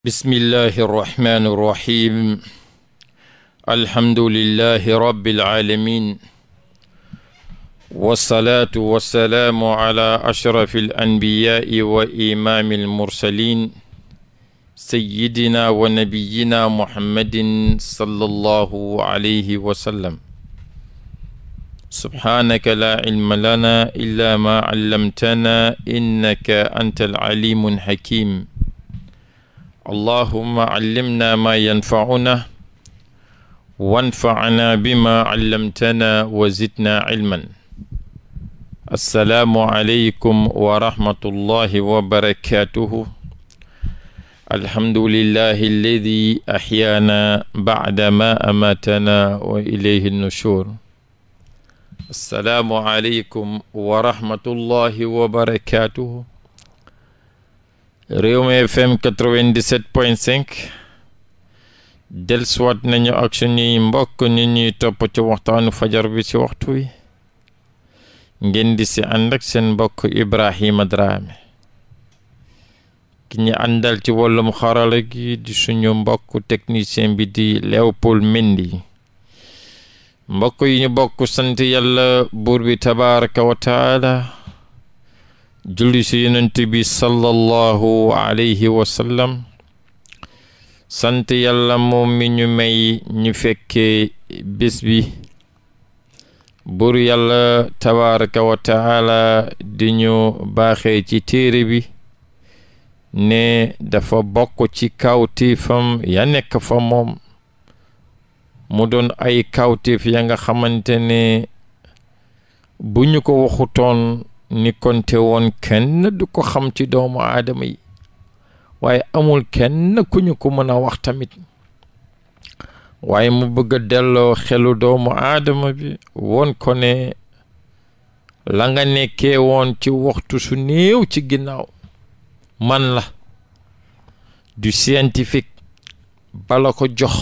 bismillahi irrahmani irrahim alhamdulillahi rabbil aalamin wassalaatu wassalaamu ala ashrafi alanbiyaai wa imaami almursalin sayidina wa nabiyina muhammadin sallallahu alayhi wa sallam subhaanaka laa cilma lanaa illaa maa callamtanaa innaka anta alcalimu alxakim allahuma callimna maa yanfacuna wanfacna bima callamtana wa zidna cilman assalaamu aleykum wa rahmatullahi wa barakatuhu alhamdulillahi alladi axyaana bacda ma amaatana wa ilayhi nushur assalaamu aleykum wa rahmatullahi wa barakatuhu Rewmi FM 97.5 dellusiwaat nañu ak suñuy mbokk ñi ñuy topp ci waxtaanu fajar bi ci waxtu wi ngeen di ci ànd seen mbokk Ibrahima Drame ki ñu àndal ci wàllum xarala gi di suñu mbokk technicien bi di Léopold Mendy mbokk yi ñu sant yàlla buur bi tabaraka wa julli si yonent bi sallallahu alayhi wa sant yàlla moom mi ñu may ñu fekke bés bi buur yàlla tabaraka wa di ñu baaxee ci téere bi ne dafa bokk ci kawtifam ya nekk fa moom mu doon ay kawtif ya nga xamante ne bu ñu ko waxutoon ni konte woon kenn du ko xam ci doomu aadama yi waaye amul kenn ku ñu ko mën a wax tamit waaye mu bëgg a delloo xelu doomu aadama bi woon ko ne la nga nekke woon ci waxtu su néew ci ginnaaw man la du scientifique bala ko jox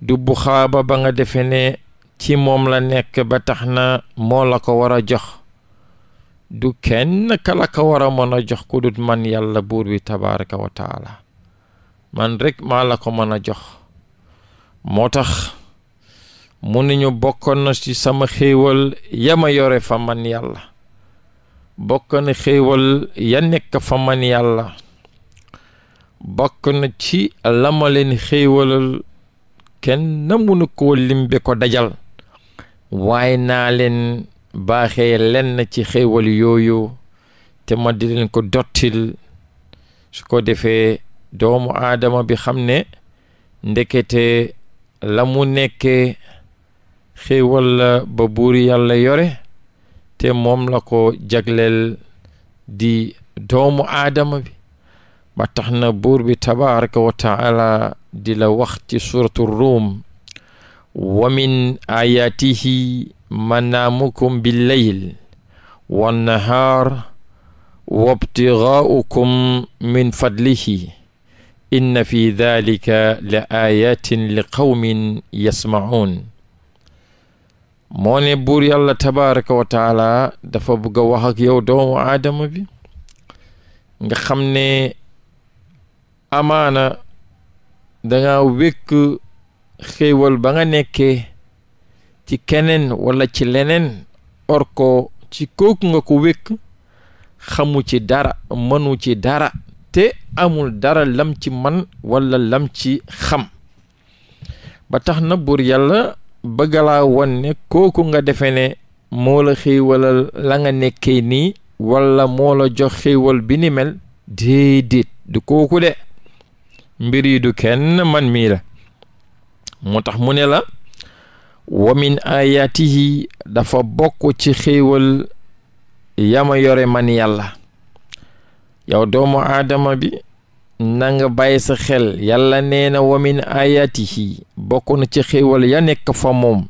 du buxaaba ba nga defe ne ci moom la nekk ba tax na moo la ko war a jox du kenn kala ka war a mën a jox ku dut man yàlla buur bi tabaraka wa taala man rekk maa la ko mën a jox moo tax mu ne ñu bokkoon na ci sama xéewal ya ma yore fa man yàlla bokk na na ci la ma leen xéewalal kenn na munu koo bi ko dajal waaye naa leen baaxee lenn ci xéewal yooyu te ma di ko dottil su ko defee doomu aadama bi xam ne ndekete la mu nekkee xéewal la ba buur yàlla yore te moom la ko jagleel di doomu aadama bi ba tax na buur bi tabaraka wa taala di la wax ci suratu ruum ayatihi manaamukum billeyl wannahaar wabtigaaukum min fadlihi inna fi dalika la ayatin li qawmin yasmaun moo ne buur yàlla tabaraka wa taala dafa bëgg a wax ak yow doomu aadama bi nga xam ne amaana danga wékk xéewal ba nga nekkee ci keneen walla ci leneen orko ci kooku nga ko wékk xamu ci dara mënu ci dara te amul dara lam ci man walla lam ci xam ba tax na buur yàlla bëggalaa won ne kooku nga defe ne moo la xéewalal la nga nekkee nii walla moo la jox xéewal bi ni mel déedéet du kooku de mbir yi du kenn man mii la moo tax mu ne la wa min ayaatihi dafa bokk ci xéewal yama yore man yàlla yow doomu aadama bi nanga nga bàyyi sa xel yàlla nee na wa min ayaatihi bokk na ci xéewal ya nekk fa moom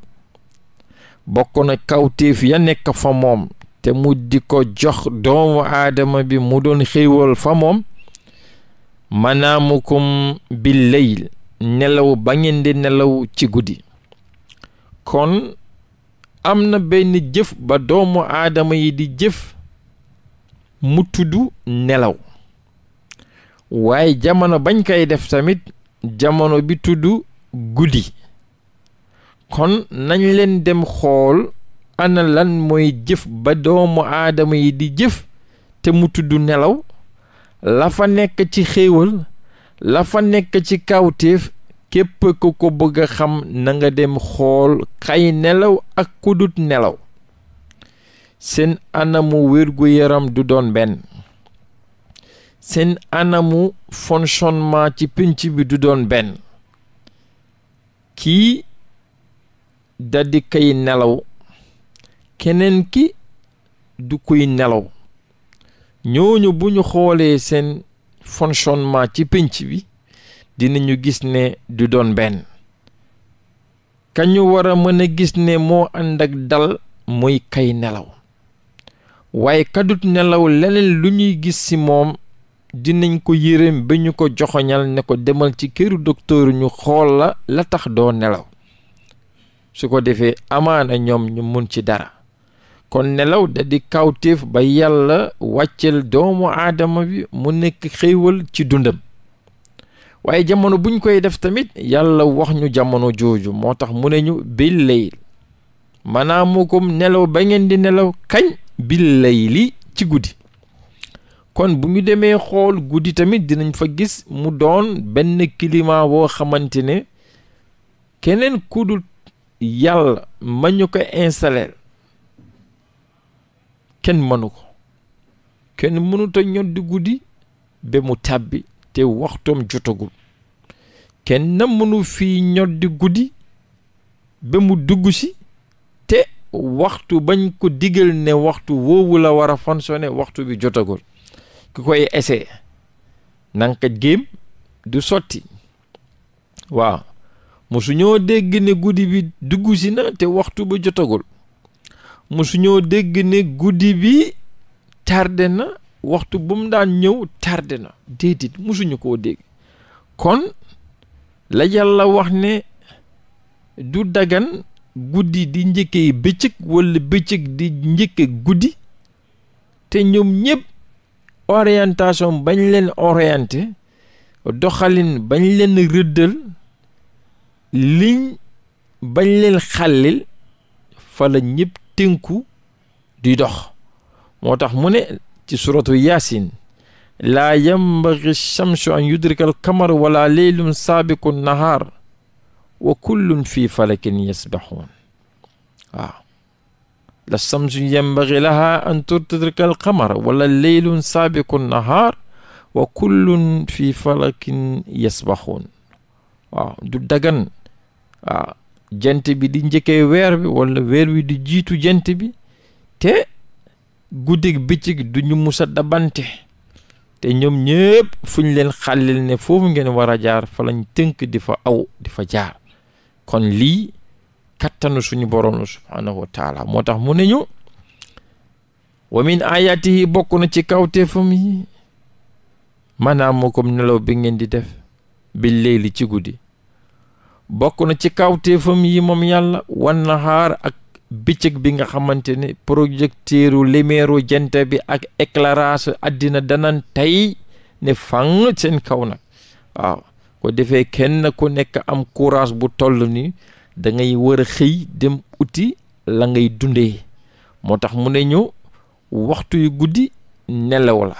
bokk na kawtéef ya nekk fa moom te mu di ko jox doomu aadama bi mu doon xéewal fa moom ko bil leyl nelaw ba ngeen di nelaw ci guddi kon am na benn jëf ba doomu aadama yi di jëf mu tudd nelaw waaye jamono bañ koy def tamit jamono bi tudd guddi kon nañu leen dem xool ana lan mooy jëf ba doomu aadama yi di jëf te mu tudd nelaw la fa nekk ci xéewal la fa nekk ci kawtéef képp ku ko bëgg a xam na nga dem xool kay nelaw ak kudut nelaw seen anamu wér-gu-yaram du doon benn seen anamu fonctionnement ci pinc bi du doon benn kii daldi kay nelaw keneen ki du kuy nelaw ñooñu bu ñu xoolee seen fonctionnement ci pinc bi dinañu gis ne du doon benn kañu war a mën gis ne moo ànd ak dal muy kay nelaw waaye kadut nelaw leneen lu ñuy gis ci moom dinañ ko yërëm bi ñu ko joxoñal ne ko demal ci këru docteur ñu xool la tax doo nelaw su ko defee amaana ñoom ñu mun ci dara kon nelaw da di kawtéef ba yàlla wàccel doomu aadama bi mu nekk xéewal ci dundam waaye jamono buñ koy def tamit yàlla wax ñu jamono jooju moo tax mu ne ñu bil layl ko nelaw ba ngeen di nelaw kañ bil layli ci guddi kon bu ñu demee xool guddi tamit dinañ fa gis mu doon benn climat woo xamante ne keneen ku dul yàlla ma ñu ko installer kenn mënu ko kenn mënuta ñoddi guddi ba mu tàbbi te waxtoom jotagul kenn mënu fi ñodd guddi ba mu dugg si te waxtu bañ ko digal ne waxtu woowu la war a fonctionner waxtu bi jotagul ki koy ese nanka géem du sotti waaw musu ñoo dégg ne guddi bi dugg si na te waxtu ba jotagul musu ñoo dégg ne guddi bi tarde na waxtu bu mu daan ñëw tardé na déedéet musuñu koo dégg kon la yàlla wax ne du dagan guddi di njëkkee bëccëg wala bëccëg di njëkke guddi te ñoom ñëpp orientation bañ leen orienté doxalin bañ leen rëddal liñ bañ leen xàllil fa la ñëpp tënku di dox moo tax mu ne ci suratu yaasin laa yambaxi chamsu an yudrikal kamar wala leylum saabiqu nahaar wa kullun fii falakin yasbaxuun ah. la chamsu yambaxi laha an tudrikal kamar wala leylum saabiqu nahaar wa kullun fii falakin yasbaxuun ah, du dagan waaw ah, jant bi di njëkkee weer bi wala di jiitu jant te guddig bëccëg duñu musa dabante te ñoom ñëpp fu ñu leen xàllil ne foofu ngeen war a jaar falañ lañ tënk di fa aw di fa jaar kon lii kattanu suñu borom la moo tax mu ne ñu wa min ayatihi bokk na ci kawteefam yi maanaam moo kom nelaw bi ngeen di def bi léegi ci guddi bokk na ci kawteefam yi moom yàlla wan ak bëccëg bi nga xamante ne projecteuru lumière jant bi ak éclairage àddina danan tey ne fang seen kaw nag waaw ko defee kenn ku nekk am courage bu toll ni dangay ngay a xëy dem uti la ngay dundee moo tax mu ne ñu waxtu yu guddi nelaw la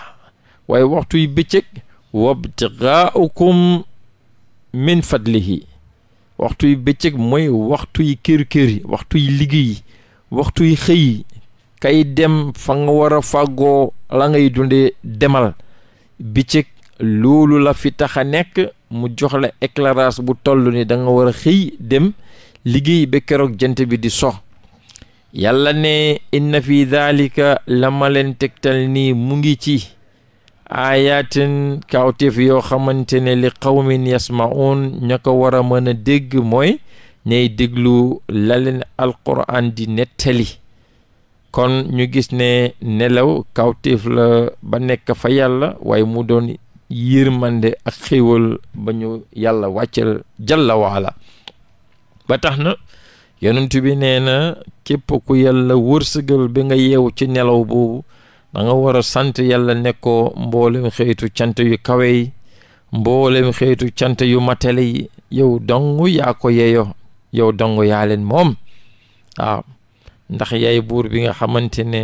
waaye waxtu yu bëccëg wabtigaukum min fadlihi waxtu yu bëccëg mooy waxtu yi kër-kër yi waxtu yi liggéey yi waxtu yi xëy yi kay dem fa nga war a fàggoo la ngay dunde demal bëccëg loolu la fi tax a nekk mu jox la éclairage bu toll ni danga war a xëy dem liggéey ba keroog jant bi di sox yàlla ne inna fi daalika la ma leen tegtal nii mu ngi ci ayatin kawtif yoo xamante ne li qawmin yasmaun ña ko wara mëna dégg mooy ñay déglu la leen alquran di nettali kon ñu gis ne nelaw kawtif la ba nekk fa yàlla waaye mu doon yërmande ak xéwal ba ñu yàlla wàccal jalla waala ba tax na yonent bi nee na képp ku yàlla wërsëgal bi nga yeew ci nelaw boobu da nga war a sant yàlla nekkoo ko mboolem xeetu cant yu kawe yi mboolem xeetu cant yu matale yi yow dong yaa ko yeyo yow dong yaa leen moom aw ndax yaay buur bi nga xamante ne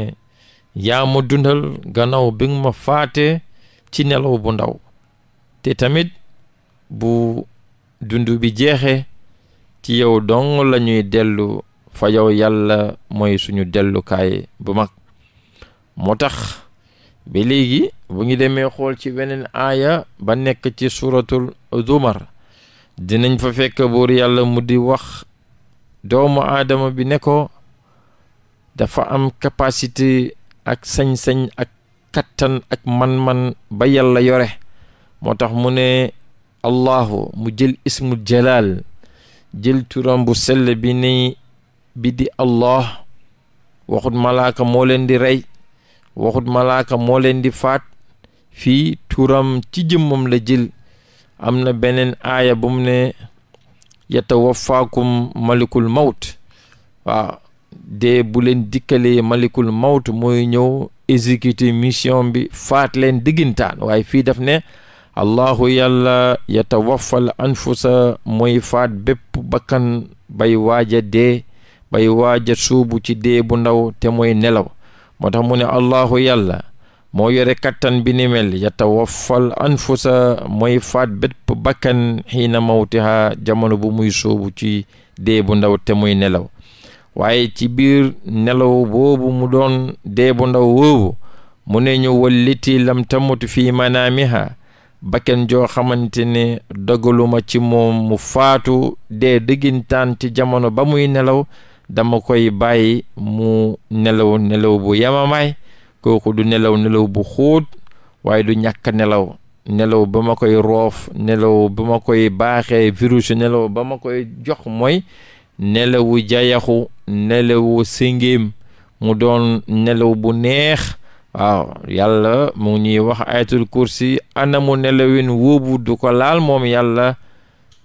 yaa ma dundal gannaaw bi nga ma faate ci nelaw bu ndaw te tamit bu dund bi jeexee ci yow dong lañuy ñuy dellu fa yow yàlla mooy suñu dellukaay bu mag moo tax bi léegi bu ñu demee xool ci weneen aaya ba nekk ci suuratul zumar dinañ fa fekk buur yàlla mu di wax doomu aadama bi ne ko dafa am capacité ak sañ-sañ ak kattan ak man-man ba yàlla yore moo tax mu ne allahu mu jël ismul jalal jël turam bu sell bi ni bi di allah waxut malaaka moo leen di rey waxut malaaka moo leen di faat fii tuuram ci jëmmam la jël am na beneen aaya bu mu ne yatawaffaakum malikul mawt waaw dee bu leen dikkalee malikul mawt mooy ñëw exécuter mission bi faat leen diggintaan waaye fii def ne allahu yàlla yatawaffal anfusa mooy faat bépp bakkan bay waaja dee bay waaja suubu ci dee bu ndaw te mooy nelaw moo tax mu ne allahu yàlla moo yore kattan bi ni mel anfusa mooy faat bépp bakkan xiina mawtiha jamono bu muy soobu ci dee bu ndaw te muy nelaw waaye ci biir nelaw boobu mu doon dee bu ndaw woowu mu ne ñu walliti lam tamut fii manaamiha bakken joo xamante ne dogaluma ci moom mu faatu dee dëggintaan ci jamono ba muy nelaw dama koy bàyyi mu nelaw nelaw bu yamamaay kooku du nelaw nelaw bu xuut waaye du ñàkk nelaw nelaw ba ma koy roof nelaw ba ma koy baaxee virus nelaw ba ma koy jox mooy nelawu jayaxu nelawu singim mu doon nelaw bu neex waaw yàlla mu ñuy wax ayatul kursi anamu nelawin wóobu du ko laal moom yàlla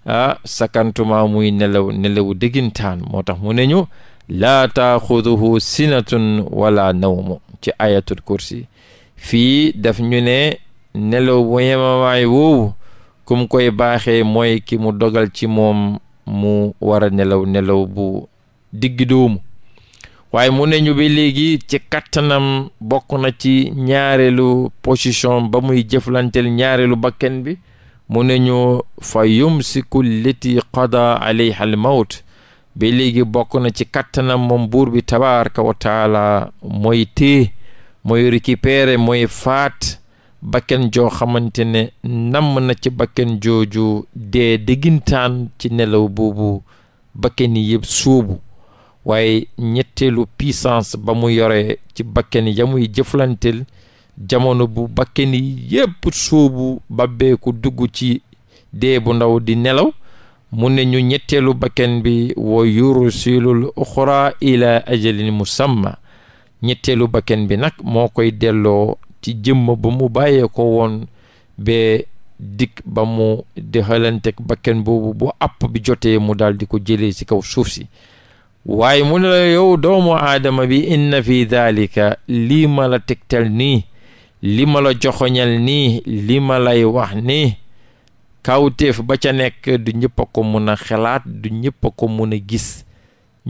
ah sakantuma muy nelaw nelawu dëggintaan moo tax mu ne ñu laa taaxuduhu sinatun wala nawmu ci ayatul kursi fii daf ñu ne nelaw bu yemamaay woowu kum koy baaxee mooy ki mu dogal ci moom mu war a nelaw nelaw bu diggi waaye mu ne ñu ba léegi ci kattanam bokk na ci ñaareelu position ba muy jëflanteel ñaareelu bakken bi mu ne ñu fa yumsiku leti qada alayha al mawt léegi bokk na ci kattanam moom buur bi tabaraka wa taala mooy tée mooy récupérer mooy faat bakken joo xamante ne namm na ci bakken jooju dee diggintaan ci nelaw boobu bakken yi suubu waaye ñetteelu puissance ba mu yore ci bakken ya muy jëflanteel jamono bu bakken yépp sóobu babbeeku dugg ci dee bu ndaw di nelaw mu ne ñu ñetteelu bakken bi wa yurusilul uxra ila ajalin musamma ñetteelu bakken bi nag moo koy delloo ci jëmm ba mu bàyyee ko woon ba dikk ba mu dexalanteeg bakken boobu bu àpp bi jotee mu daal ko jëlee ci kaw suuf si waaye mu ne yow doomu aadama bi inna fi daalika lii ma la nii li ma la joxoñal nii li ma lay wax nii kawteef ba ca nekk du ñëpp a ko mun a xalaat du ñëpp a ko mun a gis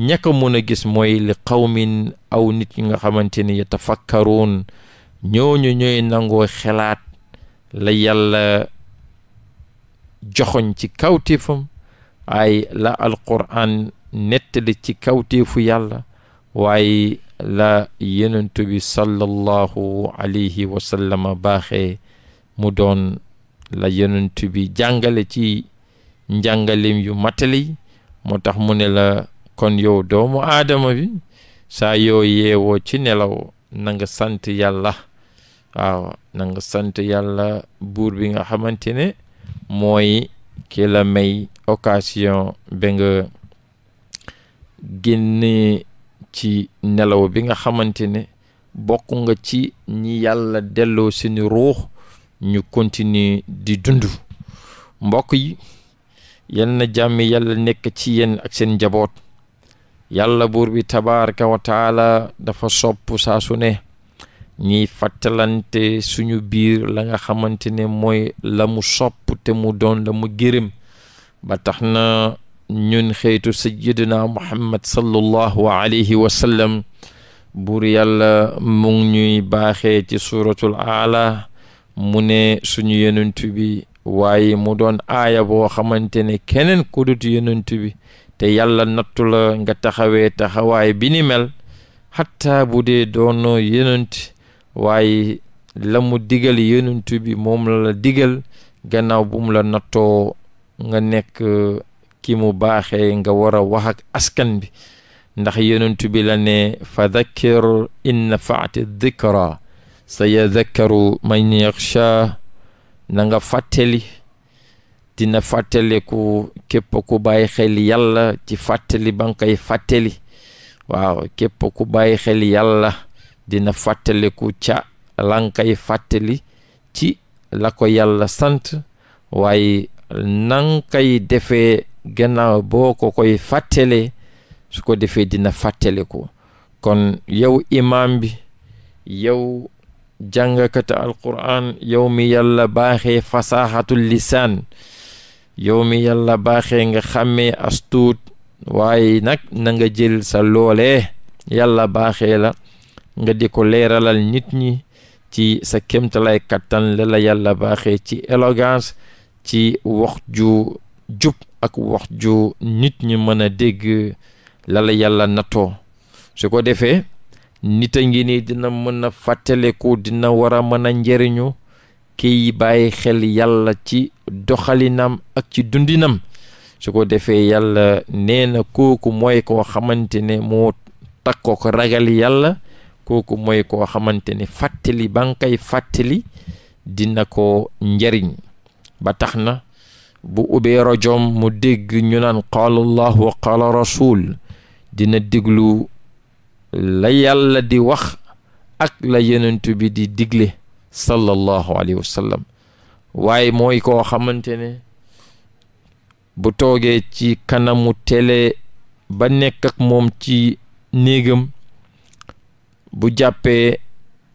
ñàkk a a gis mooy li xawmin aw nit ñi nga xamante ni yatafakkaruun ñooñu ñoy nangoo xelaat la yàlla joxoñ ci kawtéefam ay la alquran nettali ci kawtéefu yàlla waaye la yenent bi sallallahu alayhi wa sallama mu doon la yenent bi jàngale ci njàngalem yu matali moo tax mu ne la kon yow doomu aadama bi saa yoo yeewoo ci nelaw na nga sant yàlla waaw na nga sant yàlla buur bi nga xamante ne mooy ki la may occasion ba nga génne ci nelaw bi nga xamante ne bokk nga ci ñi yàlla delloo seeni ruux ñu kontinu di dund mbokk yi yal na yàlla nekk ci yenn ak seen njaboot yàlla buur bi tabaraka wa dafa sopp saasu ne ñi fàttalante suñu biir la nga xamante ne mooy la mu sopp te mu doon la mu gërëm ba tax na ñun xeetu sayyidina muhammad sallallahu alayhi wa sallam buur yàlla mu ñuy baaxee ci suuratul aala mu ne suñu yenentu bi waaye mu doon aaya boo xamante ne keneen ku dut bi te yàlla nattu la nga taxawee taxawaay bi ni mel xataa bu dee doonoo yenent waaye digal yenentu bi moom la la digal gannaaw bu la nattoo nga nekk ki mu baaxee nga war a wax ak askan bi ndax yonent bi la ne fa dakkir in nafaati dikra sa yadakkaru man yaxsha na nanga fàttali dina fàttaliku képp ku bàyyi xel yàlla ci fàttali ba nga koy fàttali waaw képp ku bàyyi xel yàlla dina fàttaliku ca la nga koy fàttali ci la ko yàlla sant waaye nan kay defee gannaaw boo ko koy fàttalee su ko defee dina fàttale ko kon yow imaam bi yow jàngakata alquran yow mi yàlla baaxee fasaaxatul lisaan yow mi yàlla baaxee nga xàmmee astuut waaye nag na nga jël sa loole yàlla baaxee la nga di ko leeralal nit ñi ci sa kémtalay kattan la la yàlla baaxe ci élégance ci wax ju jub ak wax ju nit ñi mën a dégg la yàlla nattoo su ko defee nit a ngi nii dina mën a fàttaleku dina war a mën a njariñu kiy bàyyi xel yàlla ci doxalinam ak ci dundinam su ko defee yàlla neena kooku mooy koo xamante ne moo takkoo ko ragal yàlla kooku mooy koo xamante ne fàttali ba nga koy fàttali dina ko njëriñ ba tax na bu ubbee rajom mu dégg ñu naan qaala allah wa qaala rasul dina diglu la yàlla di wax ak la yenentu bi di digle sallallahu alayhi wa waaye mooy koo xamante ne bu toogee ci kanamu tele ba nekk ak moom ci néegam bu jàppee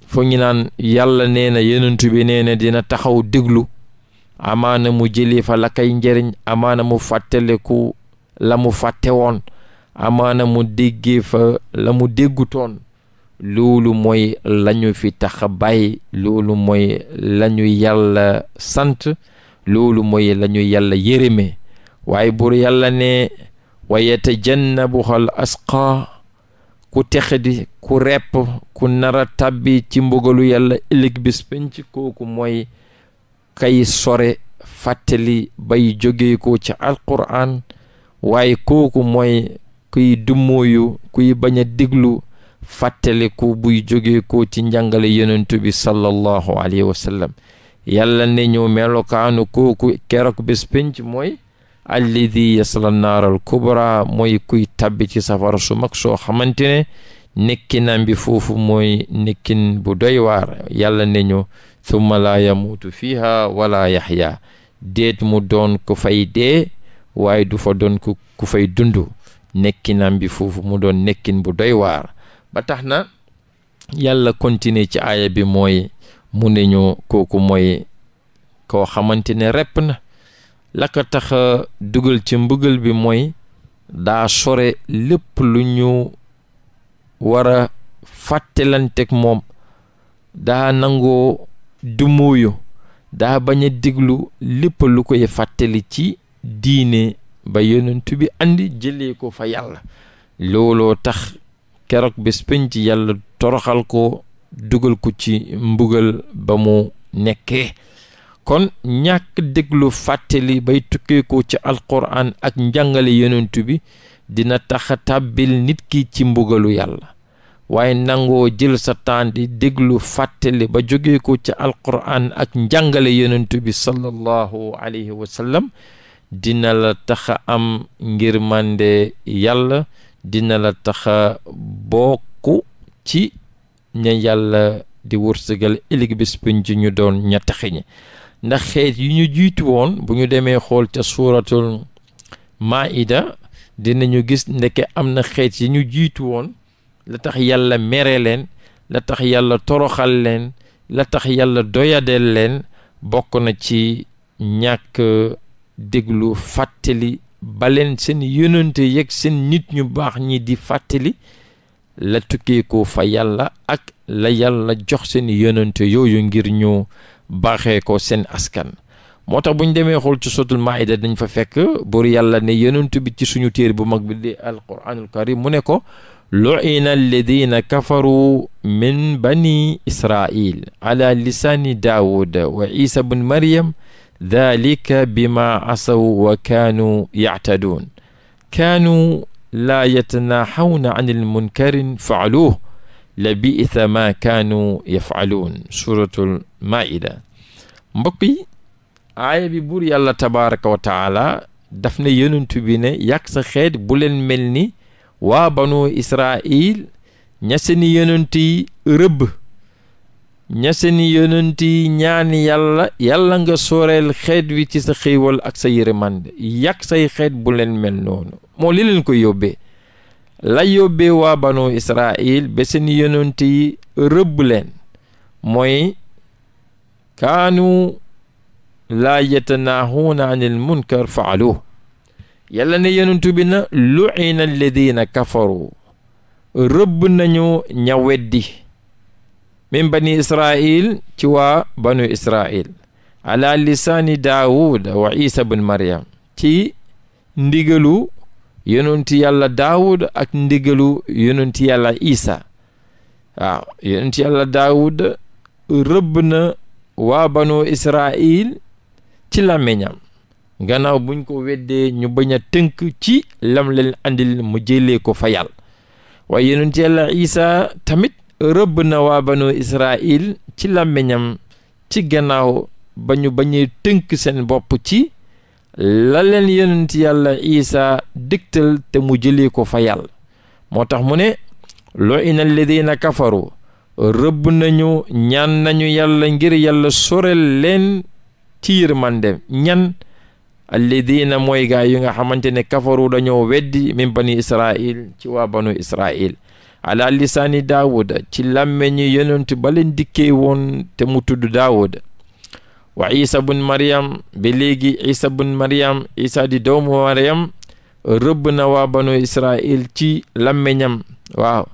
fo ñu naan yàlla nee na yenentu bi nee na dina taxaw diglu amaana mu jëlee fa la kay njëriñ amaana mu fàttaleku la mu fàtte woon amaana mu déggee fa la mu déggutoon loolu mooy lañu fi tax a bàyyi loolu mooy lañu yàlla sant loolu mooy lañu yàlla yërëme waaye buur yàlla ne wa yatajannabuhal asqa ku texdi ku repp ku nara tabbi ci mbugalu yàlla ëllëg bis kooku mooy kay sore fàttali bay jóge ko ci alquran waaye kooku mooy kuy dummóoyu kuy bañ a diglu fàttaliku buy jóge ko ci njàngale yonentu bi sallallahu alayhi wa sallam yàlla ne ñu melokaanu kooku keroog bés pénc mooy alladi yasla naaral kubra mooy kuy tabbi ci safara su mag soo xamante nekkinam bi foofu mooy nekkin bu doy waar yàlla nañu ñu summa laa yamuutu fiiha wala yaxya déet mu doon ku fay dee waaye du fa doon ku ku fay dund nekkinam bi foofu mu doon nekkin bu doy waar ba tax na yàlla continuer ci aaya bi mooy mu ne ñu kooku mooy koo xamante ne repp na la ko tax dugal ci mbugal bi mooy daa sore lépp lu ñu wara a fàttelanteeg moom daa nangoo dumóoyu daa bañ a déglu lépp lu koy fàttali ci diine ba yonentu bi andi jëlee ko fa yàlla looloo tax keroog bés penc yàlla toroxal ko dugal ko ci mbugal ba mu nekkee kon ñàkk déglu fàttali bay tukkeekoo ci alquran ak njàngale yonentu bi dina tax tàbbil nit ki ci mbugalu yàlla waaye nangoo jël sa temps di déglu fàttali ba jóge ko ci alquran ak njàngale yonent bi sallallahu alayhi wa sallam dina la taxa am ngir mande yàlla dina la tax a bokk ci ña yàlla di wërsëgal ëllëg bis pinc ñu doon ña taxi ñi ndax xeet yi ñu jiitu woon bu ñu demee xool ca suuratul maida dinañu gis ndeke am na xeet yi ñu jiitu woon la tax yàlla mere leen la tax yàlla toroxal leen la tax yàlla doyadeel leen bokk na ci ñàkk déglu fàttali baleen seen yonente yeeg seen nit ñu baax ñi di fàttali la tukkeekoo fa yàlla ak la yàlla jox seen yonente yooyu ngir ñu baaxee ko seen askan moo tax bu ñu demee xool ci sotul maayida dañ fa fekk buur yàlla ne yonent bi ci suñu téere bu mag bi di alquranul karim mu ne ko lu'ina alladina kafaru min bani israil ala lisani daawuda wa isa bun maryam dalika bima asaw wa kaanu yactaduun kaanu laa yatanaahawna an almunkarin faaluuh la bi'sa ma kaanu yafaaluun suratul maida mbokk yi aaya bi buur yàlla tabaraka wa taala daf ne yonent bi ne yàq sa xeet bu leen mel ni waa banu israil ña seeni yonent rëbb ña seeni yonent ñaan yàlla yàlla nga sooreel xeet wi ci sa ak sa yërmande yàq say xeet bu leen mel noonu moo li ko yóbbee la yóbbee waa banu israil ba seeni yonent yi rëbb leen mooy kaanu laa yatanaahuuna anil munkar faaluhu yàlla ne yonent bi na lu'ina alladina kafaru rëbb nañu ña weddi min bani israil ci waa banu israil ala lisaani daawud wa isa bun maryam ci ndigalu yonenti yàlla daawud ak ndigalu yonenti yàlla isa waaw yonenti yàlla daawud rëbb na waa banu israil ci làmmiñam gannaaw buñ ko weddee ñu baña tënk ci lam leen andil mu jëlee ko fa yàlla waaye yonent yàlla Isaa tamit rëbb na waa banu Israil ci làmmiñam ci gannaaw ba ñu bañee tënk seen bopp ci laleen leen yonent yàlla Isaa dëgtal te mu jëlee ko fa moo tax mu ne loo ina alladina kafaru rëbb nañu ñaan nañu yàlla ngir yàlla sorel leen ci yërmandem ñan alladina mooy gaa yi nga xamante ne kafaru dañoo weddi min bani israil ci waa banu israil ala lisaani daawuda ci làmmeñi yonentu ba leen dikkee te mu tudd daawuda wa bun mariam ba léegi isa bun mariam isa di doomu mariam rëbb waa banu israil ci làmmeñam waaw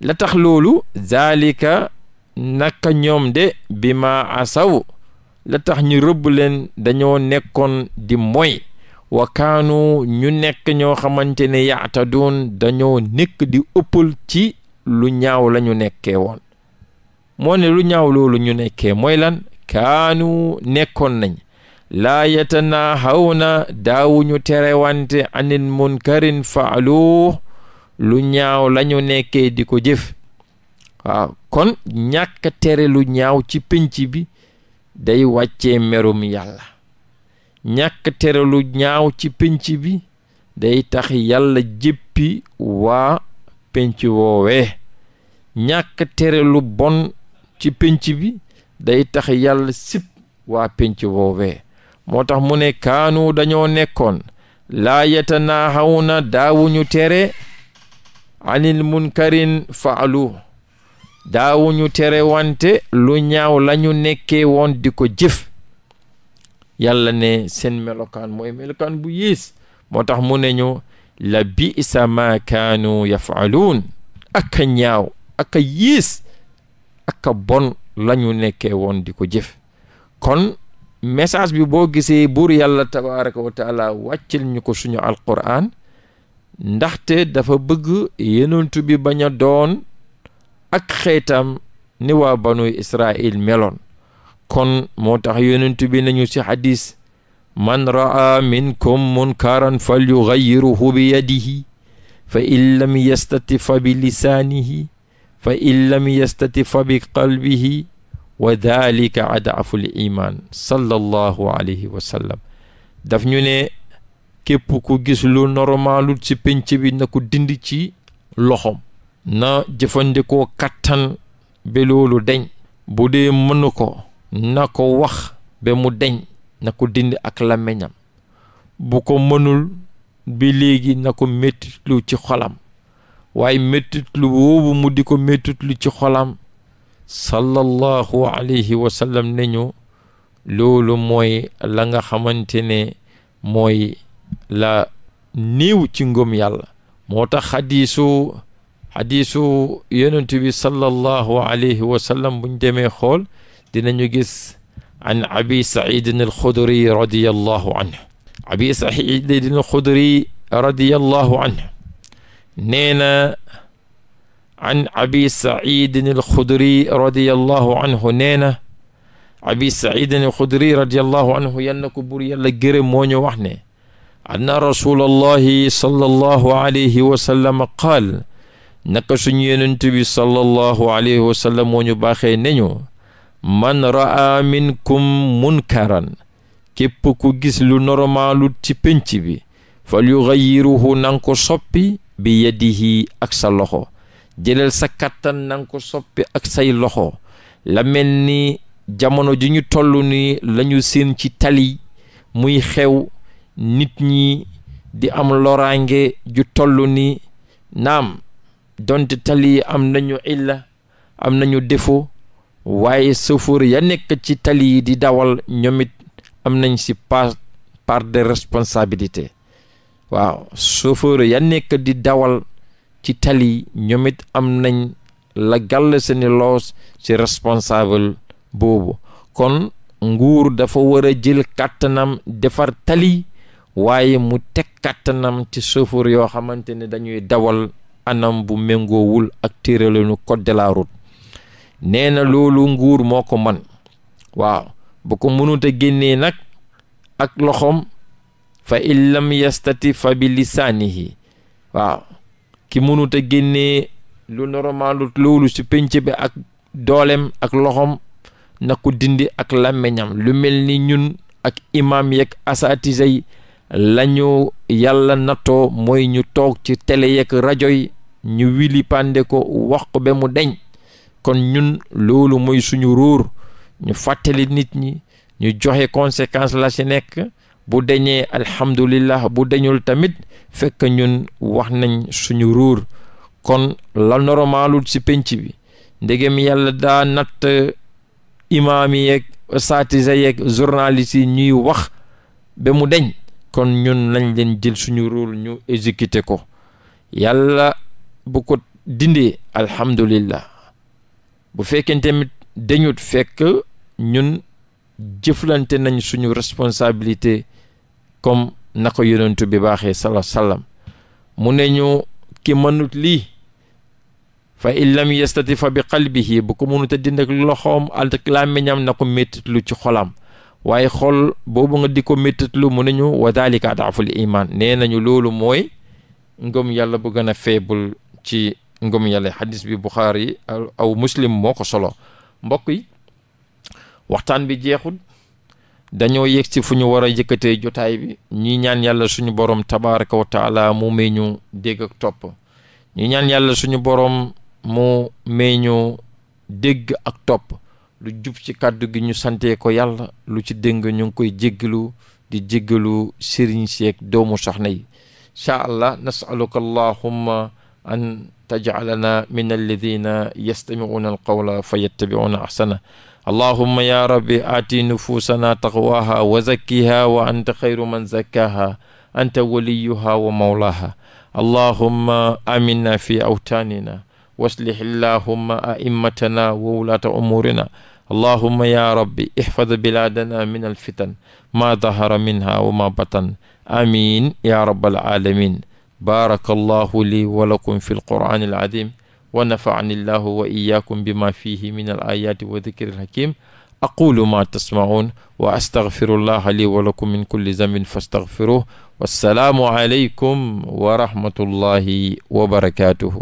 la loolu zaalika naka ñoom de bi ma asaw la tax ñu rëbb leen dañoo nekkoon di moy wa kaanu ñu nekk ñoo xamante ne yaataduun dañoo nekk di ëppal ci lu ñaaw lañu ñu nekkee woon moo ne lu ñaaw loolu ñu nekkee mooy lan kaanu nekkoon nañ laa yatanahawna daawuñu terewante anil karin faalu lu ñaaw lañu nekkee di ko jëf waaw kon ñàkk tere lu ñaaw ci pénc bi day wàcce merum yàlla ñàkk teralu ñaaw ci pénc bi day tax yàlla jéppi waa pénc woowee ñàkk teralu bon ci pénc bi day tax yàlla sip waa pénc woowee moo tax mu ne kaanu dañoo nekkoon laa yatanaahaw na daawuñu tere anil munkarin faalu daawuñu tere wante lu ñaaw lañu nekkee woon di ko jëf yàlla ne seen melokaan mooy melokaan bu yiis moo tax mu ne ñu la bisa ma kaanu yafaluun ak a ñaaw ak a yiis ak bon lañu nekkee woon di ko jëf kon message bi boo gisee buur yàlla tabaraka wa taala ñu ko suñu alquran ndaxte dafa bëgg yenentu bi bañ a doon ak xeetam ni waa banu israil meloon kon moo tax yonent bi nañu ci xadis man raa minkum munkaran fal yugayiruhu bi yadihi fa in lam yastati bi lisaanihi fa in lam yastati bi qalbihi wa dalika adaful iman sallallahu alayhi wa daf ñu ne képp ku gis lu ci pénc bi na ko dindi ci loxom na jëfandikoo kattan bi loolu deñ bu dee mënu ko na ko wax ba mu deñ na ko dindi ak làmmiñam bu ko mënul bi léegi na ko méttitlu ci xolam waaye méttitlu woobu mu di ko méttitlu ci xolam sallallahu alayhi wa sallam nañu loolu mooy la nga xamante ne mooy la néew ci ngëm yàlla moo tax xadiisu xadiisu yonent bi sallallahu alayhi wa sallam buñ demee xool dinañu gis an abi saidin alxudri radiallahu anhu abi saidin alxudri radiallahu anhu nee na an abi saidin alxudri radiallahu anhu nee na abi saidin alxudri radiallahu anhu yal na ko buur yàlla gërëm moo ñu wax ne anna rasulallahi sallallahu alayhi wa sallam qaal naka suñu yenent bi sallallahu alayhi wa ñu baaxee ne ñu man ra'a minkum munkaran képp ku gis lu normaalut ci pénc bi fal yughayyiruhu nanga ko soppi bi yadihi ak sa loxo jëlal sa kàttan nanga ko soppi ak say loxo la mel ni jamono ji ñu toll ni lañu seen ci tali muy xew nit ñi di am loraange ju toll ni naam donte tali am nañu illa am nañu défaut waaye sofóor ya nekk ci tali di dawal ñoom am nañ si part part de responsabilité waaw sofóor ya nekk di dawal ci tali yi ñoom am nañ la gàll seeni loos ci responsable boobu kon nguur dafa war a jël kàttanam defar tali waaye mu teg kàttanam ci sofóor yoo xamante ne dañuy dawal anam bu mengoowul ak téralenu code de nee na loolu nguur moo ko man waaw bu ko mënut a génnee nag ak loxoom fa in yastati fa bi lisaanihi waaw ki mënut a lu normalut loolu ci pénc bi ak doolem ak loxoom na ko dindi ak làmmiñam lu mel ni ñun ak imaam yeeg asaatisa yi lañu yàlla nattoo mooy ñu toog ci tele yeeg rajo yi ñu wili pande ko wax ko ba mu deñ kon ñun loolu mooy suñu ruur ñu fàttali nit ñi ñu joxe conséquence la si nekk bu deñee alhamdulillah bu deñul tamit fekk ñun wax nañ suñu ruur kon la normalul ci penc bi ndegem yàlla daa natt imaam yeeg satise yeeg journaliste yi ñuy wax ba mu deñ kon ñun nañ leen jël suñu rôle ñu exécuter ko yàlla bu ko dindee alhamdulillah bu fekkente tamit fekk ñun jëflante nañ suñu responsabilité comme na ko yonentu bi baaxee sala sallam mu ne ñu ki mënut lii fa in lam yastati fa bi qalbihi bu ko mënut a dind ak loxoom ak làmmiñam na ko méttitlu ci xolam waaye xol boobu nga di ko méttatlu mu ne ñu wa dalika adaful iman nee nañu loolu mooy ngëm yàlla bu gën a faible ci ngëm yàlla xadis bi Buxaari aw muslim moo ko solo mbokk yi waxtaan bi jeexul dañoo yegg si fu ñu war a yëkkatee jotaay bi ñi ñaan yàlla suñu borom tabaraka wa mu may ñu dégg ak topp ñi ñaan yàlla suñu borom mu may ñu dégg ak topp lu jub ci kàddu gi ñu santee ko yàlla lu ci dëng ñu ngi koy jéggalu di jéggalu sëriñ seeg doomu soxna yi incha allah nasaluka allahumma an tajcalana min alladina yastamicuuna alqawla fa yattabicuuna axsana allahumma ya rabbi aati nufuusana taqwaha wa zakkiha wa anta xayru man zakkaha anta waliyuha wa mawlaha allahumma aminna fi awtaanina waslih allahumma aimmatana wa wulaata umurina allahuma ya rabbi ihfad bilaadana min alfitan maa dahara minha wa ma batan amin ya rabbal alamin baaraka allahu li wa lakum fi alqur'ani alazim wa nafa'ani allahu wa iyyakum bima fihi min alayati wa dhikri alhakim aqulu ma tasma'un wa astaghfirullaha li wa lakum min kulli zambin fastaghfiruhu wassalaamu alaykum wa rahmatullahi wa barakatuhu